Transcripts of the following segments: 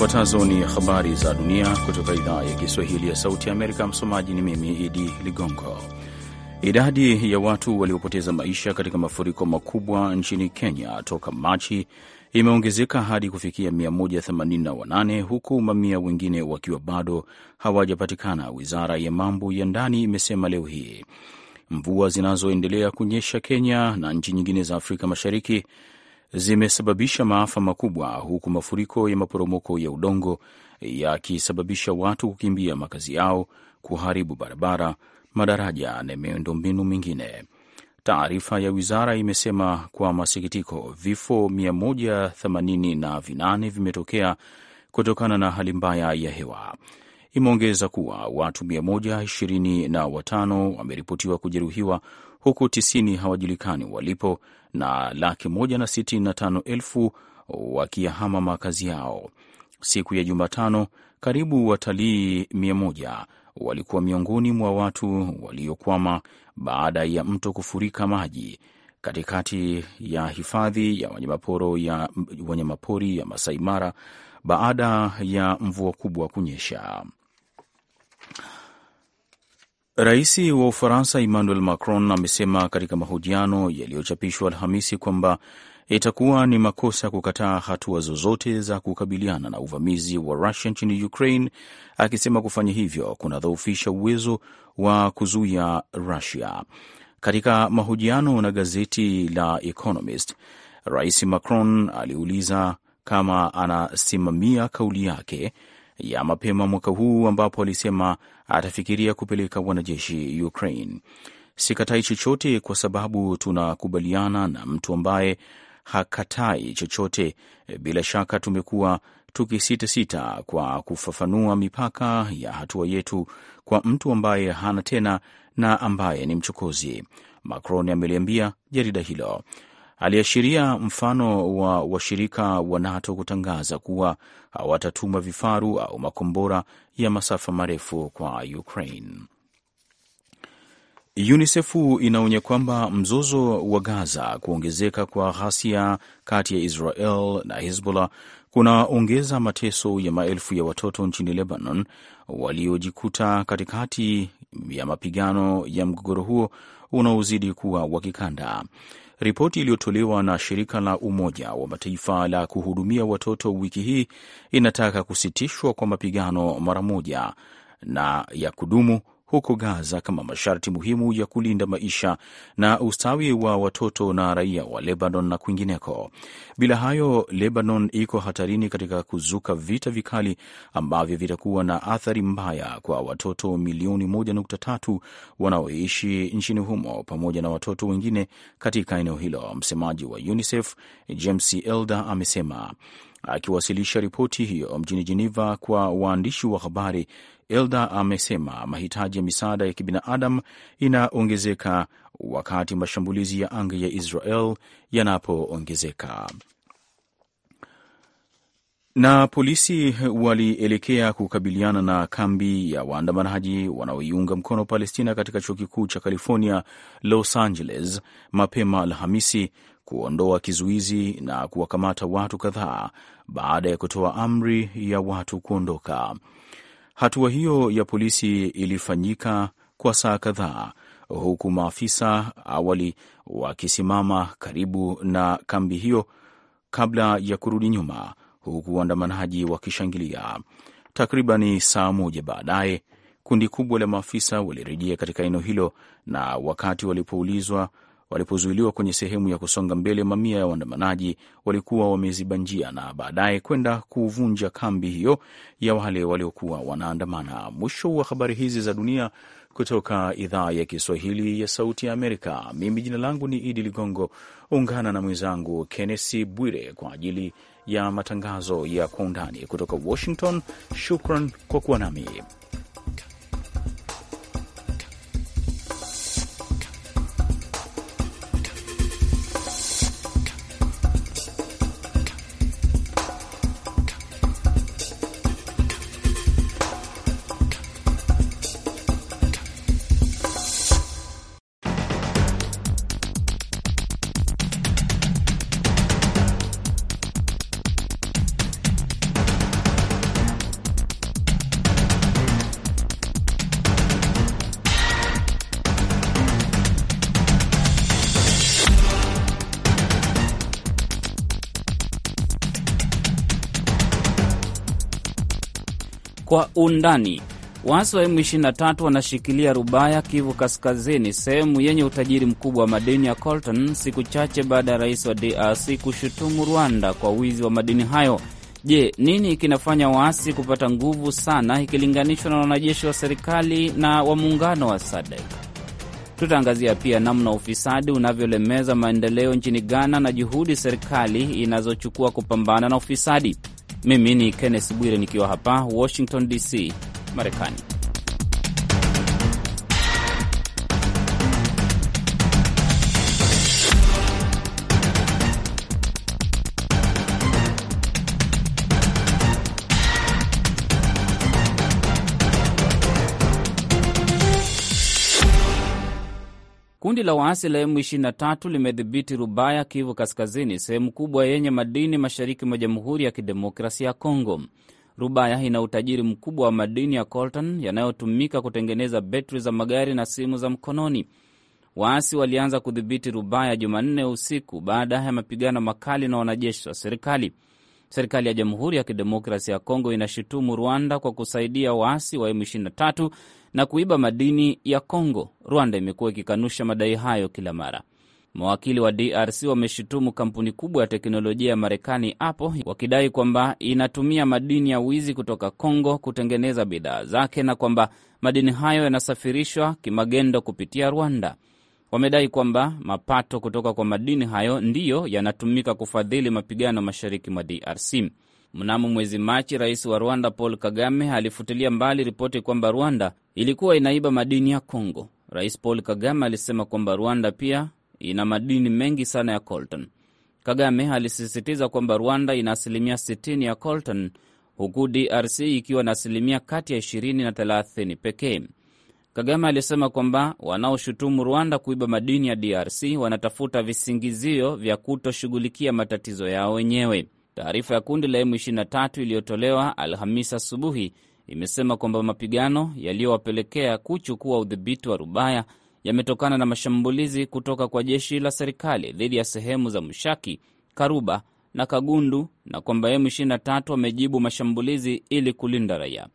Zifuatazo ni habari za dunia kutoka idhaa ya Kiswahili ya Sauti ya Amerika. Msomaji ni mimi Idi Ligongo. Idadi ya watu waliopoteza maisha katika mafuriko makubwa nchini Kenya toka Machi imeongezeka hadi kufikia 188 huku mamia wengine wakiwa bado hawajapatikana, wizara ya mambo ya ndani imesema leo hii. Mvua zinazoendelea kunyesha Kenya na nchi nyingine za Afrika Mashariki zimesababisha maafa makubwa, huku mafuriko ya maporomoko ya udongo yakisababisha watu kukimbia makazi yao, kuharibu barabara, madaraja na miundombinu mingine. Taarifa ya wizara imesema kwa masikitiko, vifo 188 vimetokea kutokana na hali mbaya ya hewa. Imeongeza kuwa watu 125 wameripotiwa kujeruhiwa huku tisini hawajulikani walipo na laki moja na sitini na tano elfu wakiyahama makazi yao. Siku ya Jumatano, karibu watalii mia moja walikuwa miongoni mwa watu waliokwama baada ya mto kufurika maji katikati ya hifadhi ya wanyamapori ya, wanyamapori ya Masai Mara baada ya mvua kubwa kunyesha. Rais wa Ufaransa Emmanuel Macron amesema katika mahojiano yaliyochapishwa Alhamisi kwamba itakuwa ni makosa kukataa hatua zozote za kukabiliana na uvamizi wa Rusia nchini Ukraine, akisema kufanya hivyo kunadhoofisha uwezo wa kuzuia Rusia. Katika mahojiano na gazeti la Economist, Rais Macron aliuliza kama anasimamia kauli yake ya mapema mwaka huu ambapo alisema atafikiria kupeleka wanajeshi Ukraine. Sikatai chochote kwa sababu tunakubaliana na mtu ambaye hakatai chochote. Bila shaka tumekuwa tukisitasita kwa kufafanua mipaka ya hatua yetu kwa mtu ambaye hana tena na ambaye ni mchokozi, Macron ameliambia jarida hilo. Aliashiria mfano wa washirika wa NATO kutangaza kuwa hawatatuma vifaru au makombora ya masafa marefu kwa Ukraine. UNICEF inaonya kwamba mzozo wa Gaza, kuongezeka kwa ghasia kati ya Israel na Hezbollah kunaongeza mateso ya maelfu ya watoto nchini Lebanon waliojikuta katikati ya mapigano ya mgogoro huo unaozidi kuwa wa kikanda. Ripoti iliyotolewa na shirika la Umoja wa Mataifa la kuhudumia watoto wiki hii inataka kusitishwa kwa mapigano mara moja na ya kudumu huko Gaza kama masharti muhimu ya kulinda maisha na ustawi wa watoto na raia wa Lebanon na kwingineko. Bila hayo, Lebanon iko hatarini katika kuzuka vita vikali ambavyo vitakuwa na athari mbaya kwa watoto milioni 1.3 wanaoishi nchini humo pamoja na watoto wengine katika eneo hilo. Msemaji wa UNICEF James Elder amesema akiwasilisha ripoti hiyo mjini jeneva kwa waandishi wa habari Elda amesema mahitaji ya misaada ya kibinadamu inaongezeka wakati mashambulizi ya anga ya Israel yanapoongezeka. Na polisi walielekea kukabiliana na kambi ya waandamanaji wanaoiunga mkono Palestina katika chuo kikuu cha California, Los Angeles mapema Alhamisi kuondoa kizuizi na kuwakamata watu kadhaa baada ya kutoa amri ya watu kuondoka. Hatua hiyo ya polisi ilifanyika kwa saa kadhaa, huku maafisa awali wakisimama karibu na kambi hiyo kabla ya kurudi nyuma, huku waandamanaji wakishangilia. Takribani saa moja baadaye kundi kubwa la maafisa walirejea katika eneo hilo, na wakati walipoulizwa Walipozuiliwa kwenye sehemu ya kusonga mbele, mamia ya waandamanaji walikuwa wameziba njia na baadaye kwenda kuvunja kambi hiyo ya wale waliokuwa wanaandamana. Mwisho wa habari hizi za dunia kutoka idhaa ya Kiswahili ya Sauti ya Amerika. Mimi jina langu ni Idi Ligongo. Ungana na mwenzangu Kennesi Bwire kwa ajili ya matangazo ya Kwa Undani kutoka Washington. Shukran kwa kuwa nami. Kwa undani, waasi wa M23 wanashikilia Rubaya, Kivu Kaskazini, sehemu yenye utajiri mkubwa wa madini ya coltan, siku chache baada ya rais wa DRC kushutumu Rwanda kwa wizi wa madini hayo. Je, nini kinafanya waasi kupata nguvu sana ikilinganishwa na wanajeshi wa serikali na wa muungano wa SADC? Tutaangazia pia namna ufisadi unavyolemeza maendeleo nchini Ghana na juhudi serikali inazochukua kupambana na ufisadi. Mimi ni Kenneth Bwire nikiwa hapa Washington DC, Marekani. Kundi la waasi la M23 limedhibiti Rubaya, Kivu Kaskazini, sehemu kubwa yenye madini mashariki mwa Jamhuri ya Kidemokrasia ya Kongo. Rubaya ina utajiri mkubwa wa madini ya coltan yanayotumika kutengeneza betri za magari na simu za mkononi. Waasi walianza kudhibiti Rubaya Jumanne usiku baada ya mapigano makali na wanajeshi wa serikali. Serikali ya Jamhuri ya Kidemokrasia ya Kongo inashutumu Rwanda kwa kusaidia waasi wa M23 na kuiba madini ya congo Rwanda imekuwa ikikanusha madai hayo kila mara. Mawakili wa DRC wameshutumu kampuni kubwa ya teknolojia ya Marekani Apple wakidai kwamba inatumia madini ya wizi kutoka congo kutengeneza bidhaa zake na kwamba madini hayo yanasafirishwa kimagendo kupitia Rwanda. Wamedai kwamba mapato kutoka kwa madini hayo ndiyo yanatumika kufadhili mapigano mashariki mwa DRC. Mnamo mwezi Machi, rais wa Rwanda Paul Kagame alifutilia mbali ripoti kwamba Rwanda ilikuwa inaiba madini ya congo Rais Paul Kagame alisema kwamba Rwanda pia ina madini mengi sana ya coltan. Kagame alisisitiza kwamba Rwanda ina asilimia 60 ya coltan, huku DRC ikiwa na asilimia kati ya 20 na 30 pekee. Kagame alisema kwamba wanaoshutumu Rwanda kuiba madini ya DRC wanatafuta visingizio vya kutoshughulikia matatizo yao wenyewe. Taarifa ya kundi la M23 iliyotolewa Alhamisi asubuhi imesema kwamba mapigano yaliyowapelekea kuchukua udhibiti wa Rubaya yametokana na mashambulizi kutoka kwa jeshi la serikali dhidi ya sehemu za Mshaki, Karuba na Kagundu na kwamba M23 wamejibu mashambulizi ili kulinda raia.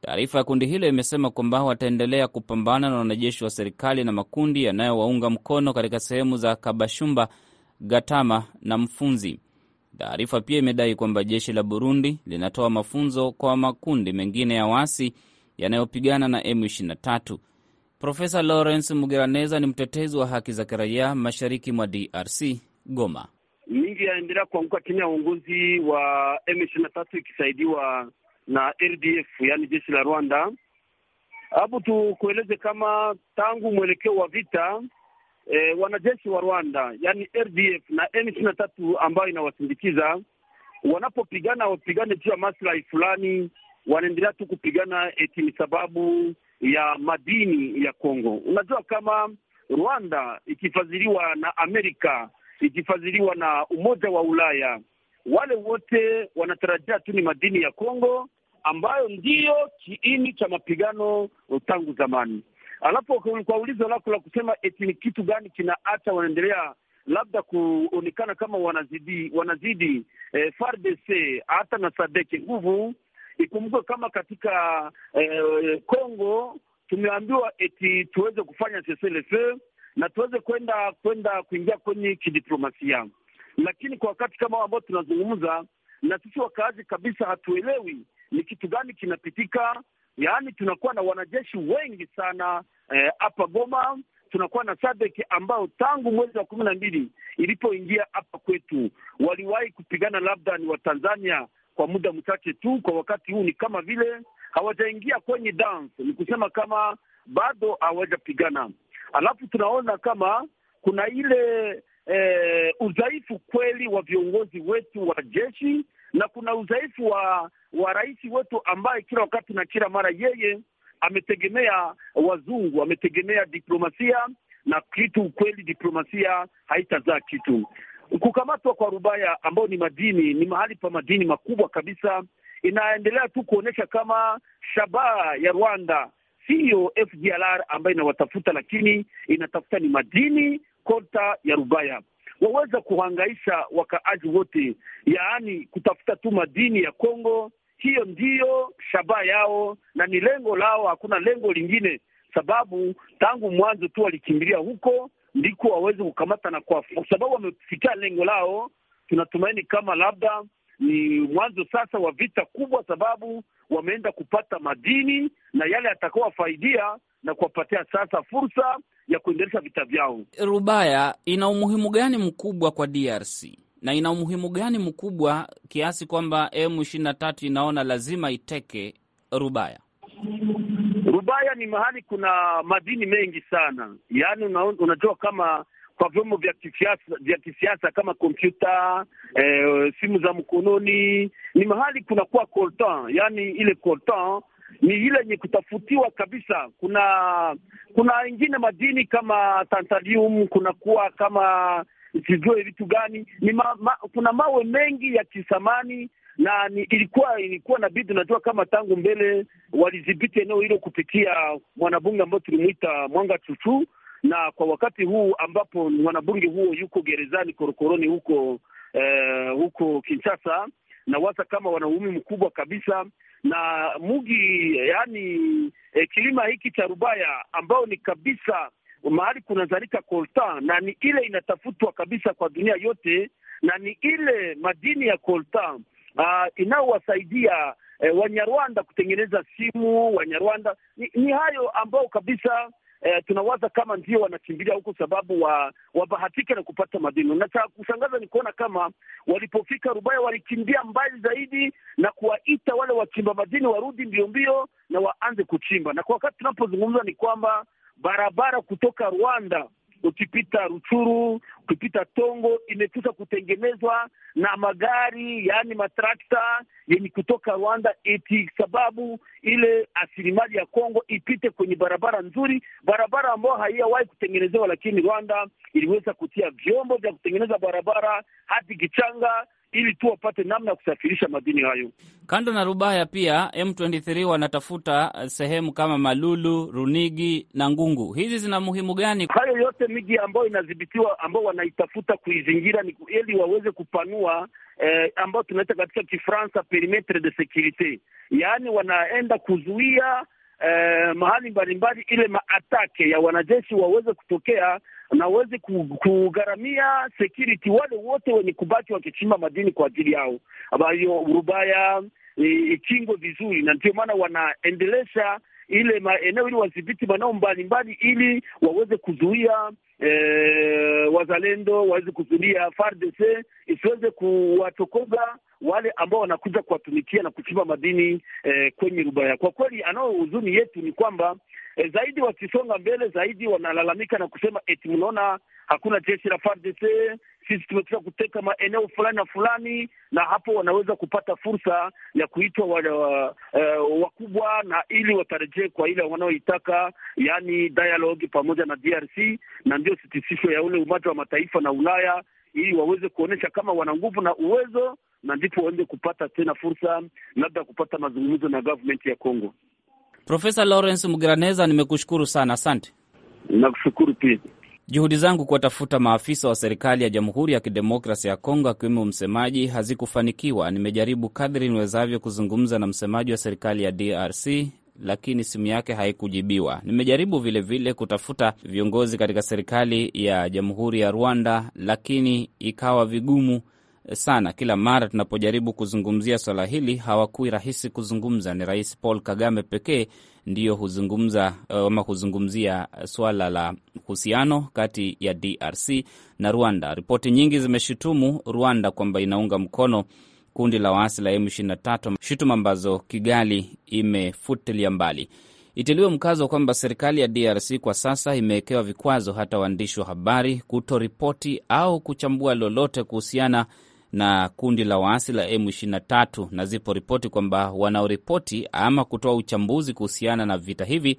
Taarifa ya kundi hilo imesema kwamba wataendelea kupambana na wanajeshi wa serikali na makundi yanayowaunga mkono katika sehemu za Kabashumba, Gatama na Mfunzi. Taarifa pia imedai kwamba jeshi la Burundi linatoa mafunzo kwa makundi mengine ya waasi yanayopigana na M23. Profesa Lawrence Mugiraneza ni mtetezi wa haki za kiraia mashariki mwa DRC, Goma. Mingi yaendelea kuanguka chini ya uongozi wa M23 ikisaidiwa na RDF, yaani jeshi la Rwanda. Hapo tukueleze kama tangu mwelekeo wa vita e, wanajeshi wa Rwanda yani RDF na M23 ambayo inawasindikiza wanapopigana, wapigane juu ya maslahi fulani, wanaendelea tu kupigana eti ni sababu ya madini ya Kongo. Unajua kama Rwanda ikifadhiliwa na Amerika, ikifadhiliwa na Umoja wa Ulaya, wale wote wanatarajia tu ni madini ya Kongo ambayo ndiyo kiini cha mapigano tangu zamani alafu kwa ulizo lako la kusema eti ni kitu gani kina hata wanaendelea labda kuonekana kama wanazidi wanazidi eh, FARDC hata na sadeke nguvu. Ikumbuke kama katika Congo eh, tumeambiwa eti tuweze kufanya cessez na tuweze kwenda kwenda kuingia kwenye kidiplomasia, lakini kwa wakati kama ambao tunazungumza na sisi wakaazi kabisa hatuelewi ni kitu gani kinapitika. Yaani tunakuwa na wanajeshi wengi sana Eh, hapa eh, Goma tunakuwa na Sadek ambao tangu mwezi wa kumi na mbili ilipoingia hapa kwetu waliwahi kupigana labda ni Watanzania kwa muda mchache tu. Kwa wakati huu ni kama vile hawajaingia kwenye dance, ni kusema kama bado hawajapigana. Alafu tunaona kama kuna ile e, udhaifu kweli wa viongozi wetu wa jeshi na kuna udhaifu wa wa rais wetu ambaye kila wakati na kila mara yeye ametegemea wazungu, ametegemea diplomasia na kitu ukweli, diplomasia haitazaa kitu. Kukamatwa kwa Rubaya ambao ni madini, ni mahali pa madini makubwa kabisa, inaendelea tu kuonyesha kama shabaha ya Rwanda siyo FDLR ambayo inawatafuta, lakini inatafuta ni madini kota ya Rubaya waweza kuhangaisha wakaaji wote, yaani kutafuta tu madini ya Kongo hiyo ndiyo shabaha yao na ni lengo lao, hakuna lengo lingine, sababu tangu mwanzo tu walikimbilia huko ndiko waweze kukamata na kwa sababu wamefikia lengo lao. Tunatumaini kama labda ni mwanzo sasa wa vita kubwa, sababu wameenda kupata madini na yale atakaowafaidia na kuwapatia sasa fursa ya kuendelesha vita vyao. Rubaya ina umuhimu gani mkubwa kwa DRC? na ina umuhimu gani mkubwa kiasi kwamba M23 inaona lazima iteke Rubaya? Rubaya ni mahali kuna madini mengi sana, yaani unajua kama kwa vyombo vya kisiasa vya kisiasa kama kompyuta e, simu za mkononi, ni mahali kunakuwa coltan, yaani ile coltan ni ile yenye kutafutiwa kabisa. Kuna kuna ingine madini kama tantalium, kunakuwa kama sijue vitu gani ni ma, ma, kuna mawe mengi ya kisamani na ni, ilikuwa ilikuwa na bidi unajua, kama tangu mbele walidhibiti eneo hilo kupitia mwanabunge ambao tulimwita Mwanga Chuchu, na kwa wakati huu ambapo mwanabunge huo yuko gerezani korokoroni huko eh, huko Kinshasa na wasa kama wanaumi mkubwa kabisa na mugi yani eh, kilima hiki cha Rubaya ambao ni kabisa mahali kunazalika kolta, na ni ile inatafutwa kabisa kwa dunia yote, na ni ile madini ya kolta uh, inayowasaidia eh, Wanyarwanda kutengeneza simu. Wanyarwanda ni, ni hayo ambao kabisa Eh, tunawaza kama ndio wanakimbilia huko sababu wa wabahatike na kupata madini. Na cha kushangaza ni kuona kama walipofika Rubaya walikimbia mbali zaidi na kuwaita wale wachimba madini warudi mbio mbio na waanze kuchimba. Na kwa wakati tunapozungumza ni kwamba barabara kutoka Rwanda ukipita Ruchuru ukipita Tongo imekwisha kutengenezwa na magari, yaani matrakta yenye kutoka Rwanda, eti sababu ile asilimali ya Kongo ipite kwenye barabara nzuri, barabara ambayo haiyawahi kutengenezewa, lakini Rwanda iliweza kutia vyombo vya kutengeneza barabara hadi Kichanga ili tu wapate namna ya kusafirisha madini hayo. Kando na Rubaya, pia M23 wanatafuta sehemu kama Malulu, Runigi na Ngungu. Hizi zina muhimu gani? Hayo yote miji ambayo inadhibitiwa, ambao wanaitafuta kuizingira ni ili waweze kupanua eh, ambayo tunaita katika Kifransa perimetre de securite, yaani wanaenda kuzuia eh, mahali mbalimbali ile maatake ya wanajeshi waweze kutokea na waweze kugharamia security wale wote wenye kubaki wakichimba madini kwa ajili yao, ambayo Urubaya ikingwe vizuri, na ndio maana wanaendelesha ile maeneo ili wadhibiti maeneo mbalimbali ili waweze kuzuia e, wazalendo waweze kuzulia FARDC isiweze kuwatokoza wale ambao wanakuja kuwatumikia na kuchimba madini e, kwenye Rubaya. Kwa kweli, anao huzuni yetu ni kwamba e, zaidi wakisonga mbele zaidi wanalalamika na kusema eti mnaona hakuna jeshi la FARDC, sisi tumefika kuteka maeneo fulani na fulani, na hapo wanaweza kupata fursa ya kuitwa uh, wakubwa na ili watarejee kwa ile wanaoitaka, yani dialogue pamoja na DRC, na ndio sitisisho ya ule Umoja wa Mataifa na Ulaya ili waweze kuonyesha kama wana nguvu na uwezo, na ndipo waende kupata tena fursa labda kupata mazungumzo na government ya congo Profesa Lawrence Mugiraneza, nimekushukuru sana, asante. Nakushukuru pia. Juhudi zangu kuwatafuta maafisa wa serikali ya Jamhuri ya Kidemokrasia ya Kongo akiwemo msemaji hazikufanikiwa. Nimejaribu kadri niwezavyo kuzungumza na msemaji wa serikali ya DRC lakini simu yake haikujibiwa. Nimejaribu vilevile vile kutafuta viongozi katika serikali ya Jamhuri ya Rwanda lakini ikawa vigumu sana. Kila mara tunapojaribu kuzungumzia swala hili hawakui rahisi kuzungumza. Ni Rais Paul Kagame pekee ndiyo huzungumza eh, ama huzungumzia swala la uhusiano kati ya DRC na Rwanda. Ripoti nyingi zimeshutumu Rwanda kwamba inaunga mkono kundi la waasi la M23, shutuma ambazo Kigali imefutilia mbali. Itiliwe mkazo kwamba serikali ya DRC kwa sasa imewekewa vikwazo hata waandishi wa habari kutoripoti au kuchambua lolote kuhusiana na kundi la waasi la M23, na zipo ripoti kwamba wanaoripoti ama kutoa uchambuzi kuhusiana na vita hivi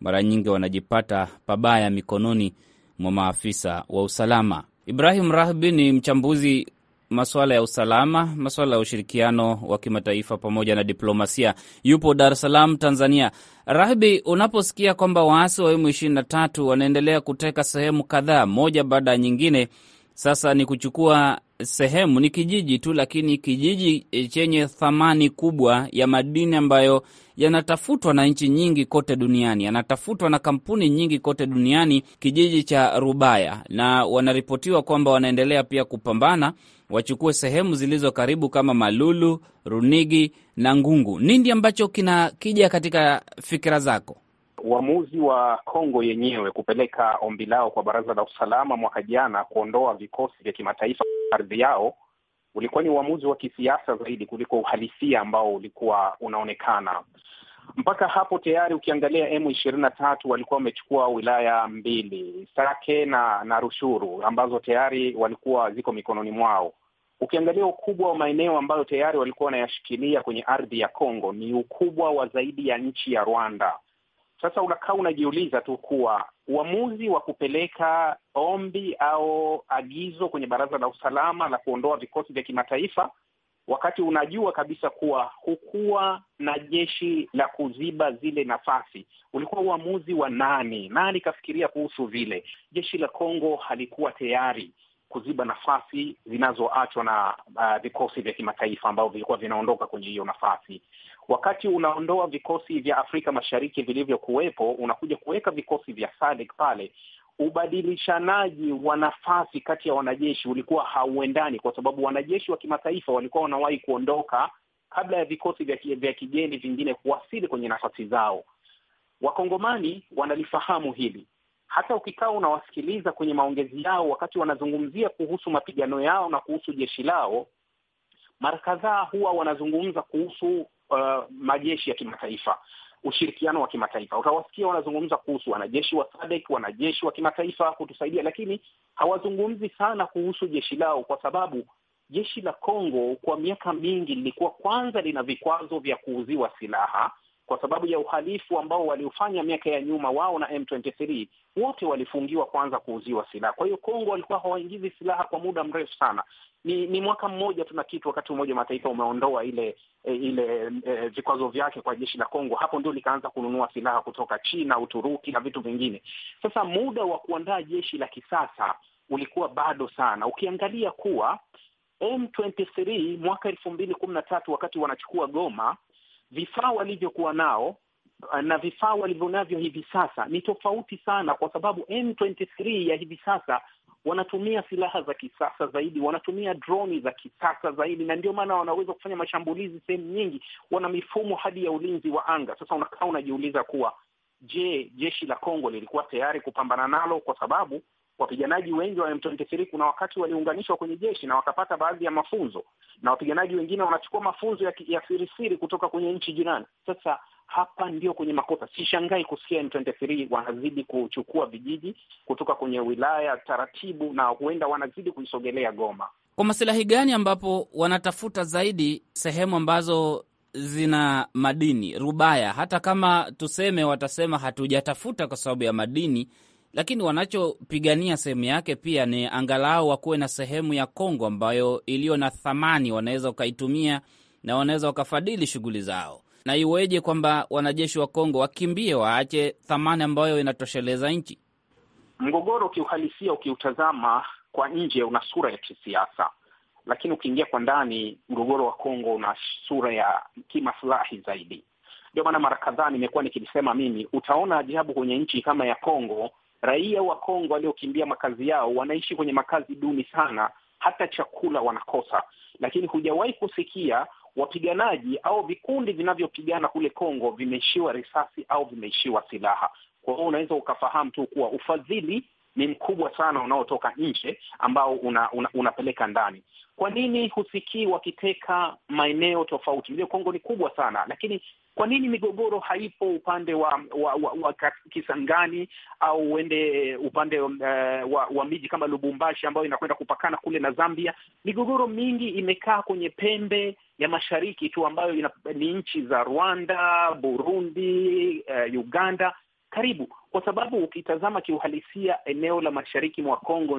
mara nyingi wanajipata pabaya mikononi mwa maafisa wa usalama. Ibrahim Rahbi ni mchambuzi masuala ya usalama, masuala ya ushirikiano wa kimataifa pamoja na diplomasia, yupo Dar es Salaam, Tanzania. Rahbi, unaposikia kwamba waasi wa M23 wanaendelea kuteka sehemu kadhaa moja baada ya nyingine, sasa ni kuchukua sehemu ni kijiji tu, lakini kijiji e, chenye thamani kubwa ya madini ambayo yanatafutwa na nchi nyingi kote duniani, yanatafutwa na kampuni nyingi kote duniani, kijiji cha Rubaya, na wanaripotiwa kwamba wanaendelea pia kupambana wachukue sehemu zilizo karibu kama Malulu, Runigi na Ngungu. Nindi ambacho kinakija katika fikira zako? uamuzi wa Kongo yenyewe kupeleka ombi lao kwa Baraza la Usalama mwaka jana kuondoa vikosi vya kimataifa ardhi yao ulikuwa ni uamuzi wa kisiasa zaidi kuliko uhalisia ambao ulikuwa unaonekana mpaka hapo. Tayari ukiangalia M ishirini na tatu walikuwa wamechukua wilaya mbili Sake na na Rushuru ambazo tayari walikuwa ziko mikononi mwao. Ukiangalia ukubwa wa maeneo ambayo tayari walikuwa wanayashikilia kwenye ardhi ya Kongo ni ukubwa wa zaidi ya nchi ya Rwanda. Sasa unakaa unajiuliza tu kuwa uamuzi wa kupeleka ombi au agizo kwenye Baraza la Usalama la kuondoa vikosi vya kimataifa wakati unajua kabisa kuwa hukuwa na jeshi la kuziba zile nafasi, ulikuwa uamuzi wa nani? Nani kafikiria kuhusu vile? Jeshi la Kongo halikuwa tayari kuziba nafasi zinazoachwa na uh, vikosi uh, vya kimataifa ambavyo vilikuwa vinaondoka kwenye hiyo nafasi. Wakati unaondoa vikosi vya Afrika Mashariki vilivyokuwepo, unakuja kuweka vikosi vya SADC pale, ubadilishanaji wa nafasi kati ya wanajeshi ulikuwa hauendani, kwa sababu wanajeshi wa kimataifa walikuwa wanawahi kuondoka kabla ya vikosi vya kigeni vingine kuwasili kwenye nafasi zao. Wakongomani wanalifahamu hili. Hata ukikaa unawasikiliza kwenye maongezi yao, wakati wanazungumzia kuhusu mapigano yao na kuhusu jeshi lao, mara kadhaa huwa wanazungumza kuhusu uh, majeshi ya kimataifa, ushirikiano wa kimataifa. Utawasikia wanazungumza kuhusu wanajeshi wa sadek wanajeshi wa kimataifa kutusaidia, lakini hawazungumzi sana kuhusu jeshi lao, kwa sababu jeshi la Kongo kwa miaka mingi lilikuwa kwanza lina vikwazo vya kuuziwa silaha kwa sababu ya uhalifu ambao waliofanya miaka ya nyuma wao na M23, wote walifungiwa kwanza kuuziwa silaha. Kwa hiyo Kongo walikuwa hawaingizi silaha kwa muda mrefu sana. Ni ni mwaka mmoja tu na kitu, wakati Umoja wa Mataifa umeondoa ile eh, ile e, vikwazo vyake kwa jeshi la Kongo, hapo ndio likaanza kununua silaha kutoka China, Uturuki na vitu vingine. Sasa muda wa kuandaa jeshi la kisasa ulikuwa bado sana, ukiangalia kuwa M23 mwaka elfu mbili kumi na tatu wakati wanachukua Goma, vifaa walivyokuwa nao na vifaa walivyonavyo hivi sasa ni tofauti sana, kwa sababu M23 ya hivi sasa wanatumia silaha za kisasa zaidi, wanatumia droni za kisasa zaidi, na ndio maana wanaweza kufanya mashambulizi sehemu nyingi. Wana mifumo hadi ya ulinzi wa anga. Sasa unakaa unajiuliza kuwa je, jeshi la Kongo lilikuwa tayari kupambana nalo? Kwa sababu wapiganaji wengi wa M23 kuna wakati waliunganishwa kwenye jeshi na wakapata baadhi ya mafunzo, na wapiganaji wengine wanachukua mafunzo ya, ya sirisiri kutoka kwenye nchi jirani. Sasa hapa ndio kwenye makosa. Sishangai kusikia M23 wanazidi kuchukua vijiji kutoka kwenye wilaya taratibu, na huenda wanazidi kuisogelea Goma. Kwa masilahi gani? Ambapo wanatafuta zaidi sehemu ambazo zina madini Rubaya, hata kama tuseme watasema hatujatafuta kwa sababu ya madini, lakini wanachopigania sehemu yake pia ni angalau wakuwe na sehemu ya Kongo ambayo iliyo na thamani wanaweza wakaitumia na wanaweza wakafadhili shughuli zao na iweje kwamba wanajeshi wa Kongo wakimbie, waache thamani ambayo inatosheleza nchi? Mgogoro ukiuhalisia, ukiutazama kwa nje, una sura ya kisiasa, lakini ukiingia kwa ndani, mgogoro wa Kongo una sura ya kimaslahi zaidi. Ndio maana mara kadhaa nimekuwa nikilisema mimi, utaona ajabu kwenye nchi kama ya Kongo, raia wa Kongo waliokimbia makazi yao wanaishi kwenye makazi duni sana, hata chakula wanakosa, lakini hujawahi kusikia wapiganaji au vikundi vinavyopigana kule Kongo vimeishiwa risasi au vimeishiwa silaha. Kwa hiyo unaweza ukafahamu tu kuwa ufadhili ni mkubwa sana unaotoka nje ambao una, una, unapeleka ndani. Kwa nini husikii wakiteka maeneo tofauti? Ndio, Kongo ni kubwa sana, lakini kwa nini migogoro haipo upande wa, wa, wa, wa Kisangani au uende uh, upande uh, wa, wa miji kama Lubumbashi ambayo inakwenda kupakana kule na Zambia? Migogoro mingi imekaa kwenye pembe ya mashariki tu ambayo ina, ni nchi za Rwanda, Burundi, uh, Uganda karibu, kwa sababu ukitazama kiuhalisia, eneo la mashariki mwa Kongo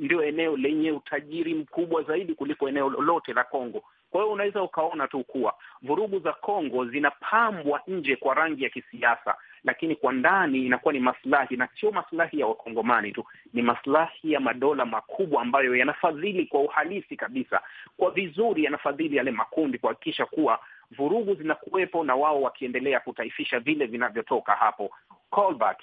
ndio eneo lenye utajiri mkubwa zaidi kuliko eneo lolote la Kongo. Kwa hiyo unaweza ukaona tu kuwa vurugu za Kongo zinapambwa nje kwa rangi ya kisiasa, lakini kwa ndani inakuwa ni maslahi na sio maslahi ya wakongomani tu, ni maslahi ya madola makubwa ambayo yanafadhili kwa uhalisi kabisa, kwa vizuri, yanafadhili yale makundi kuhakikisha kuwa vurugu zinakuwepo na wao wakiendelea kutaifisha vile vinavyotoka hapo. Colbert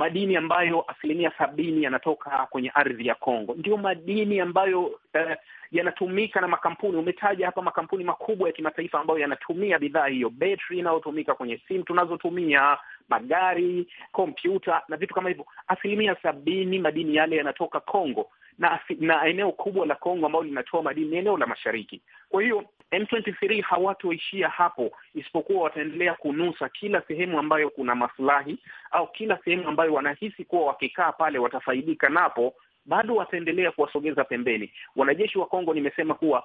madini ambayo asilimia sabini yanatoka kwenye ardhi ya Kongo, ndiyo madini ambayo eh, yanatumika na makampuni. Umetaja hapa makampuni makubwa ya kimataifa ambayo yanatumia bidhaa hiyo, betri inayotumika kwenye simu tunazotumia, magari, kompyuta na vitu kama hivyo. Asilimia sabini madini yale yanatoka Kongo na, na eneo kubwa la Kongo ambayo linatoa madini ni eneo la mashariki. Kwa hiyo M23 hawatoishia hapo, isipokuwa wataendelea kunusa kila sehemu ambayo kuna maslahi au kila sehemu ambayo wanahisi kuwa wakikaa pale watafaidika napo, bado wataendelea kuwasogeza pembeni. Wanajeshi wa Kongo, nimesema kuwa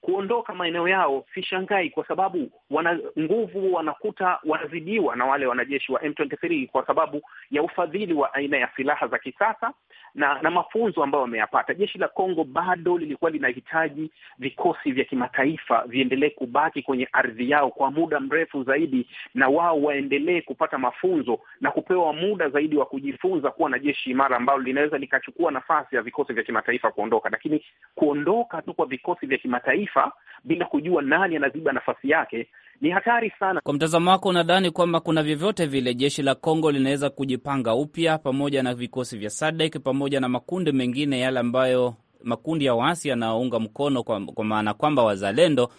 kuondoka maeneo yao si shangai, kwa sababu wana nguvu, wanakuta wanazidiwa na wale wanajeshi wa M23 kwa sababu ya ufadhili wa aina ya silaha za kisasa na na mafunzo ambayo wameyapata. Jeshi la Kongo bado lilikuwa linahitaji vikosi vya kimataifa viendelee kubaki kwenye ardhi yao kwa muda mrefu zaidi, na wao waendelee kupata mafunzo na kupewa muda zaidi wa kujifunza kuwa na jeshi imara ambalo linaweza likachukua nafasi ya vikosi vya kimataifa kuondoka. Lakini kuondoka tu kwa vikosi vya kimataifa bila kujua nani anaziba nafasi yake ni hatari sana. Kwa mtazamo wako, unadhani kwamba kuna vyovyote vile jeshi la Kongo linaweza kujipanga upya pamoja na vikosi vya SADC pamoja na makundi mengine yale ambayo makundi ya waasi yanaounga mkono kwa, kwa maana kwamba wazalendo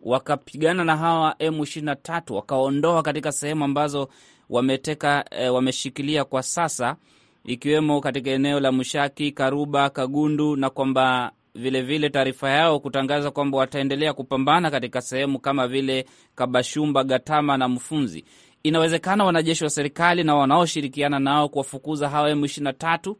wakapigana na hawa M23 wakaondoa katika sehemu ambazo wameteka e, wameshikilia kwa sasa ikiwemo katika eneo la Mushaki, Karuba, Kagundu na kwamba vilevile taarifa yao kutangaza kwamba wataendelea kupambana katika sehemu kama vile Kabashumba, Gatama na Mfunzi. Inawezekana wanajeshi wa serikali na wanaoshirikiana nao kuwafukuza hawa emu ishirini na tatu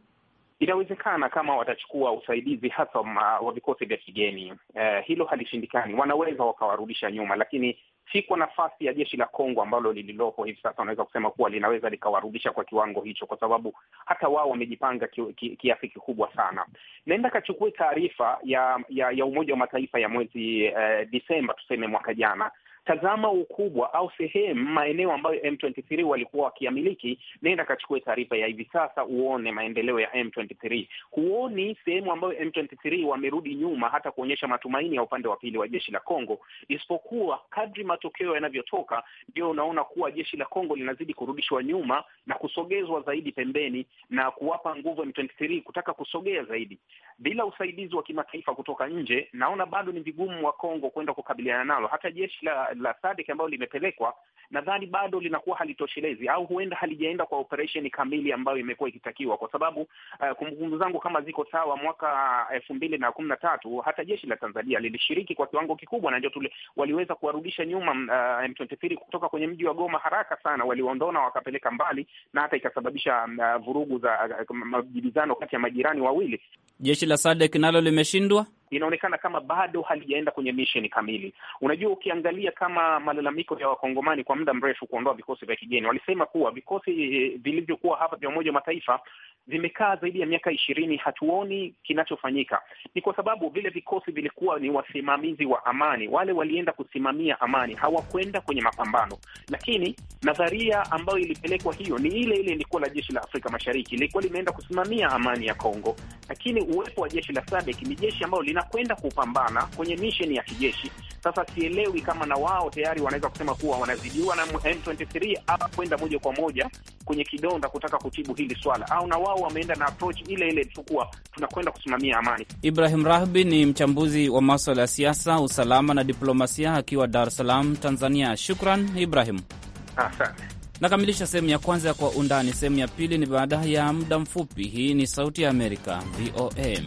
inawezekana kama watachukua usaidizi hasa uh, wa vikosi vya kigeni eh, hilo halishindikani. Wanaweza wakawarudisha nyuma, lakini si kwa nafasi ya jeshi la Kongo ambalo lililopo hivi sasa, wanaweza kusema kuwa linaweza likawarudisha kwa kiwango hicho, kwa sababu hata wao wamejipanga kiasi ki, ki kikubwa sana. Naenda kachukue taarifa ya, ya ya Umoja wa Mataifa ya mwezi eh, Disemba tuseme mwaka jana tazama ukubwa au sehemu maeneo ambayo M23 walikuwa wakiamiliki Nenda kachukue taarifa ya hivi sasa uone maendeleo ya M23. Huoni sehemu ambayo M23 wamerudi nyuma hata kuonyesha matumaini ya upande wa pili wa jeshi la Kongo, isipokuwa kadri matokeo yanavyotoka ndio unaona kuwa jeshi la Kongo linazidi kurudishwa nyuma na kusogezwa zaidi pembeni na kuwapa nguvu M23 kutaka kusogea zaidi. Bila usaidizi wa kimataifa kutoka nje, naona bado ni vigumu wa Kongo kwenda kukabiliana nalo. Hata jeshi la la SADC ambayo limepelekwa nadhani bado linakuwa halitoshelezi au huenda halijaenda kwa operesheni kamili ambayo imekuwa ikitakiwa, kwa sababu uh, kumbukumbu zangu kama ziko sawa, mwaka eh, elfu mbili na kumi na tatu hata jeshi la Tanzania lilishiriki kwa kiwango kikubwa, na ndio waliweza kuwarudisha nyuma uh, eh, m kutoka kwenye mji wa Goma haraka sana, waliwaondona wakapeleka mbali, na hata ikasababisha uh, vurugu za uh, majibizano kati ya majirani wawili. Jeshi la sadek nalo limeshindwa inaonekana kama bado halijaenda kwenye misheni kamili. Unajua, ukiangalia kama malalamiko ya wakongomani kwa muda mrefu kuondoa vikosi vya kigeni, walisema kuwa vikosi eh, vilivyokuwa hapa vya Umoja wa Mataifa vimekaa zaidi ya miaka ishirini, hatuoni kinachofanyika. Ni kwa sababu vile vikosi vilikuwa ni wasimamizi wa amani, wale walienda kusimamia amani, hawakwenda kwenye mapambano. Lakini nadharia ambayo ilipelekwa hiyo ni ile ile ilikuwa la jeshi la Afrika Mashariki, ilikuwa limeenda kusimamia amani ya Kongo, lakini uwepo wa jeshi la SADC ni jeshi ambalo linakwenda kupambana kwenye misheni ya kijeshi. Sasa sielewi kama na wao tayari wanaweza kusema kuwa wanazidiwa na M23 au kwenda moja kwa moja kwenye kidonda kutaka kutibu hili swala au na wao wao wameenda na approach ile ile tu tunakwenda kusimamia amani. Ibrahim Rahbi ni mchambuzi wa maswala ya siasa, usalama na diplomasia akiwa Dar es Salaam, Tanzania. Shukran Ibrahim, asante. Nakamilisha sehemu ya kwanza ya Kwa Undani. Sehemu ya pili ni baada ya muda mfupi. Hii ni Sauti ya Amerika, VOA.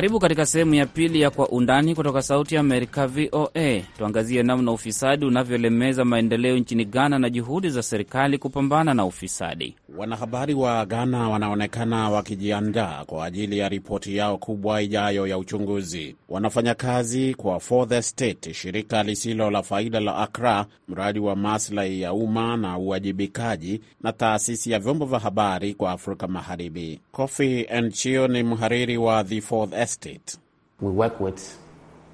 Karibu katika sehemu ya pili ya Kwa Undani kutoka Sauti ya Amerika, VOA. Tuangazie namna ufisadi unavyolemeza maendeleo nchini Ghana na juhudi za serikali kupambana na ufisadi. Wanahabari wa Ghana wanaonekana wakijiandaa kwa ajili ya ripoti yao kubwa ijayo ya uchunguzi. Wanafanya kazi kwa For the State, shirika lisilo la faida la Akra, mradi wa maslahi ya umma na uwajibikaji, na taasisi ya vyombo vya habari kwa Afrika Magharibi. Kofi ni mhariri wa The For the We work with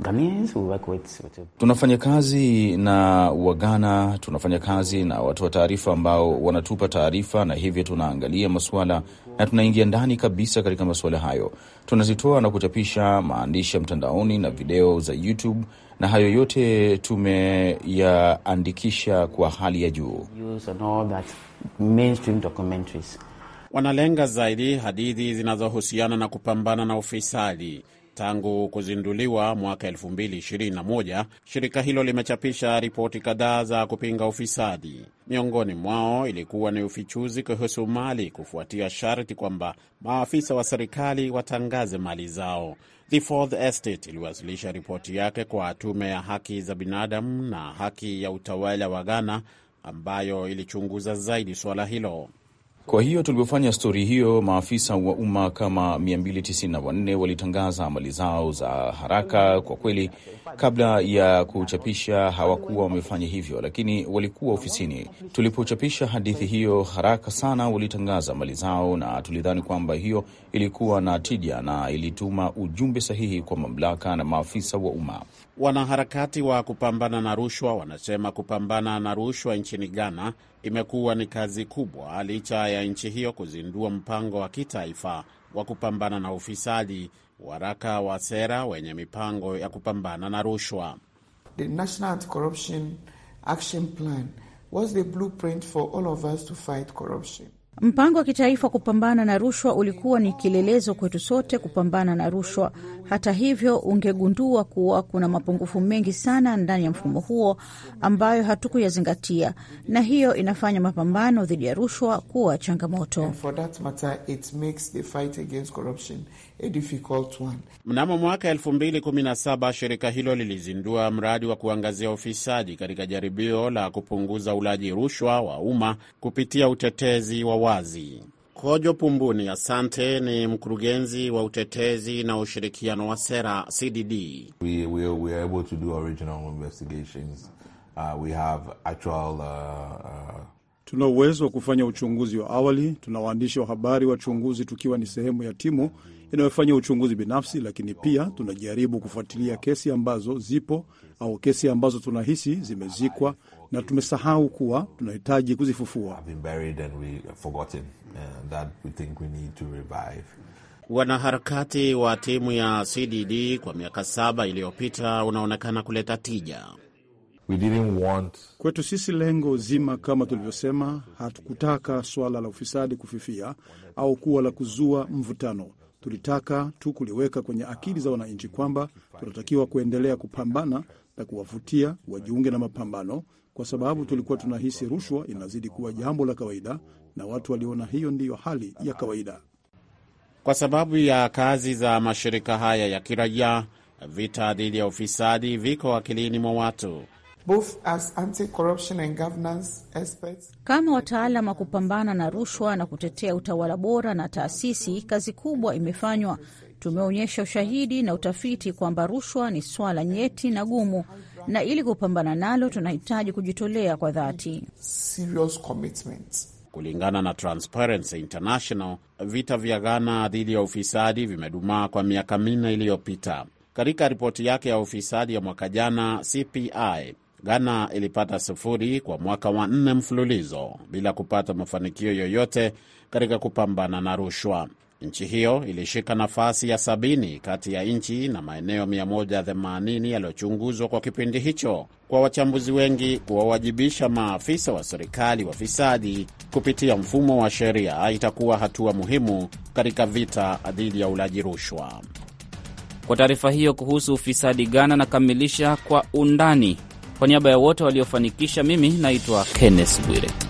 Ghanaians, we work with... Uh, tunafanya kazi na Waghana, tunafanya kazi na watu wa taarifa ambao wanatupa taarifa, na hivyo tunaangalia masuala na tunaingia ndani kabisa katika masuala hayo. Tunazitoa na kuchapisha maandishi ya mtandaoni na video za YouTube, na hayo yote tumeyaandikisha kwa hali ya juu. Wanalenga zaidi hadithi zinazohusiana na kupambana na ufisadi. Tangu kuzinduliwa mwaka 2021 shirika hilo limechapisha ripoti kadhaa za kupinga ufisadi. Miongoni mwao ilikuwa ni ufichuzi kuhusu mali kufuatia sharti kwamba maafisa wa serikali watangaze mali zao. The Fourth Estate iliwasilisha ripoti yake kwa tume ya haki za binadamu na haki ya utawala wa Ghana ambayo ilichunguza zaidi suala hilo. Kwa hiyo tulivyofanya stori hiyo, maafisa wa umma kama 294 walitangaza amali zao za haraka. Kwa kweli, kabla ya kuchapisha hawakuwa wamefanya hivyo, lakini walikuwa ofisini. Tulipochapisha hadithi hiyo haraka sana, walitangaza amali zao, na tulidhani kwamba hiyo ilikuwa na tija na ilituma ujumbe sahihi kwa mamlaka na maafisa wa umma. Wanaharakati wa kupambana na rushwa wanasema kupambana na rushwa nchini Ghana imekuwa ni kazi kubwa licha ya nchi hiyo kuzindua mpango wa kitaifa wa kupambana na ufisadi, waraka wa sera wenye mipango ya kupambana na rushwa. The National Anti-Corruption Action Plan was the blueprint for all of us to fight corruption. Mpango wa kitaifa kupambana na rushwa ulikuwa ni kielelezo kwetu sote kupambana na rushwa. Hata hivyo, ungegundua kuwa kuna mapungufu mengi sana ndani ya mfumo huo ambayo hatukuyazingatia, na hiyo inafanya mapambano dhidi ya rushwa kuwa changamoto a difficult one. Mnamo mwaka 2017 shirika hilo lilizindua mradi wa kuangazia ufisadi katika jaribio la kupunguza ulaji rushwa wa umma kupitia utetezi wa wazi. Kojo Pumbuni Asante ni mkurugenzi wa utetezi na ushirikiano wa sera CDD. We, we, we are able to do original investigations. Uh, we have actual, uh, uh... Tuna uwezo wa kufanya uchunguzi wa awali. Tuna waandishi wa habari wachunguzi tukiwa ni sehemu ya timu mm-hmm inayofanya uchunguzi binafsi, lakini pia tunajaribu kufuatilia kesi ambazo zipo au kesi ambazo tunahisi zimezikwa na tumesahau kuwa tunahitaji kuzifufua. Uh, Wanaharakati wa timu ya CDD kwa miaka saba iliyopita unaonekana kuleta tija. We didn't want... kwetu sisi lengo zima, kama tulivyosema, hatukutaka swala la ufisadi kufifia au kuwa la kuzua mvutano. Tulitaka tu kuliweka kwenye akili za wananchi kwamba tunatakiwa kuendelea kupambana na kuwavutia wajiunge na mapambano, kwa sababu tulikuwa tunahisi rushwa inazidi kuwa jambo la kawaida, na watu waliona hiyo ndiyo hali ya kawaida. Kwa sababu ya kazi za mashirika haya ya kiraia, vita dhidi ya ufisadi viko akilini mwa watu both as anti-corruption and governance experts. Kama wataalam wa kupambana na rushwa na kutetea utawala bora na taasisi, kazi kubwa imefanywa. Tumeonyesha ushahidi na utafiti kwamba rushwa ni swala nyeti na gumu, na ili kupambana nalo tunahitaji kujitolea kwa dhati. Serious commitment. Kulingana na Transparency International, vita vya Ghana dhidi ya ufisadi vimedumaa kwa miaka minne iliyopita. Katika ripoti yake ya ufisadi ya mwaka jana, CPI Ghana ilipata sufuri kwa mwaka wa nne mfululizo bila kupata mafanikio yoyote katika kupambana na rushwa. Nchi hiyo ilishika nafasi ya sabini kati ya nchi na maeneo 180 yaliyochunguzwa kwa kipindi hicho. Kwa wachambuzi wengi, kuwawajibisha maafisa wa serikali wafisadi kupitia mfumo wa sheria itakuwa hatua muhimu katika vita dhidi ya ulaji rushwa. Kwa taarifa hiyo kuhusu ufisadi Ghana, nakamilisha kwa undani. Kwa niaba ya wote waliofanikisha, mimi naitwa Kenneth Bwire.